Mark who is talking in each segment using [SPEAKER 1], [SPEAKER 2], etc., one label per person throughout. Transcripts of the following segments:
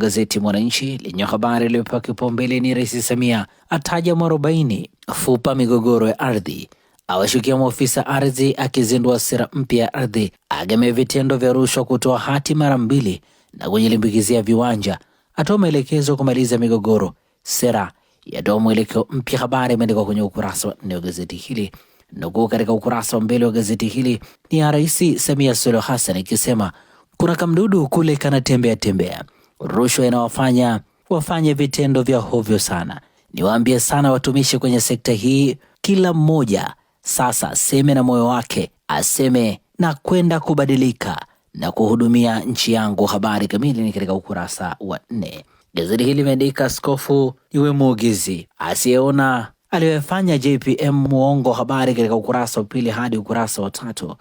[SPEAKER 1] Gazeti Mwananchi lenye habari iliyopewa kipaumbele ni Rais Samia ataja mwarobaini fupa migogoro ya ardhi, awashukia maofisa ardhi, akizindua sera mpya ya ardhi, agemea vitendo vya rushwa, kutoa hati mara mbili na kujilimbikizia viwanja, atoa maelekezo kumaliza migogoro, sera yatoa mwelekeo mpya. Habari imeandikwa kwenye ukurasa wa nne wa gazeti hili. Nukuu katika ukurasa wa mbele wa gazeti hili ni ya Rais Samia Suluhu Hassan ikisema kuna kamdudu kule kanatembea tembea Rushwa inawafanya wafanye vitendo vya hovyo sana. Niwaambie sana watumishi kwenye sekta hii, kila mmoja sasa aseme na moyo wake, aseme na kwenda kubadilika na kuhudumia nchi yangu. Habari kamili ni katika ukurasa wa nne. Gazeti hili limeandika askofu iwe muugizi asiyeona aliyofanya JPM muongo. Habari katika ukurasa wa pili hadi ukurasa wa tatu.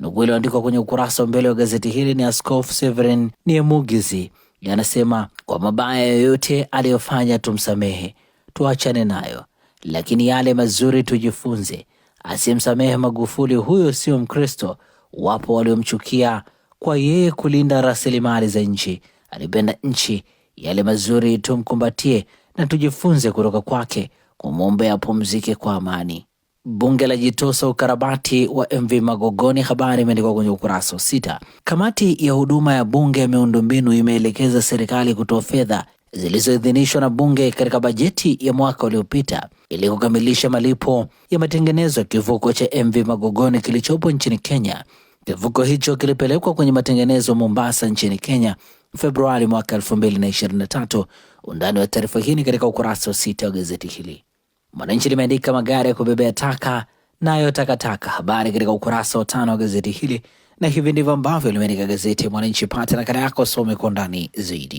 [SPEAKER 1] Nukuu iliyoandikwa kwenye ukurasa wa mbele wa gazeti hili ni Askofu Severin niye muugizi Anasema kwa mabaya yoyote aliyofanya tumsamehe, tuachane nayo, lakini yale mazuri tujifunze. Asiyemsamehe Magufuli huyo sio Mkristo. Wapo waliomchukia kwa yeye kulinda rasilimali za nchi, alipenda nchi. Yale mazuri tumkumbatie na tujifunze kutoka kwake, kumwombea apumzike kwa amani. Bunge la jitosa ukarabati wa MV Magogoni. Habari imeandikwa kwenye ukurasa wa sita. Kamati ya huduma ya bunge ya miundombinu imeelekeza serikali kutoa fedha zilizoidhinishwa na bunge katika bajeti ya mwaka uliopita ili kukamilisha malipo ya matengenezo ya kivuko cha MV Magogoni kilichopo nchini Kenya. Kivuko hicho kilipelekwa kwenye matengenezo Mombasa nchini Kenya Februari mwaka 2023. Undani wa taarifa hii ni katika ukurasa wa sita wa gazeti hili. Mwananchi limeandika magari ya kubebea taka nayo takataka, habari katika ukurasa wa tano wa gazeti hili, na hivi ndivyo ambavyo limeandika gazeti mwananchi Mwananchi. Pata nakala yako, some kwa ndani zaidi.